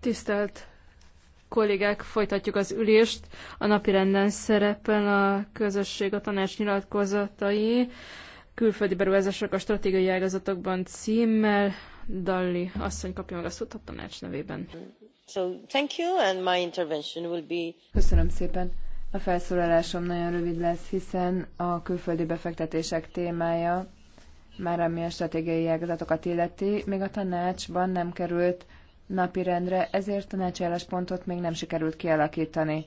Tisztelt kollégák, folytatjuk az ülést. A napirenden szerepel a közösség a tanács nyilatkozatai, külföldi beruházások a stratégiai ágazatokban címmel. Dalli asszony kapja meg a szót a tanács nevében. So, thank you, and my intervention will be... Köszönöm szépen. A felszólalásom nagyon rövid lesz, hiszen a külföldi befektetések témája már ami a stratégiai ágazatokat illeti, még a tanácsban nem került napirendre, ezért tanácsálláspontot még nem sikerült kialakítani.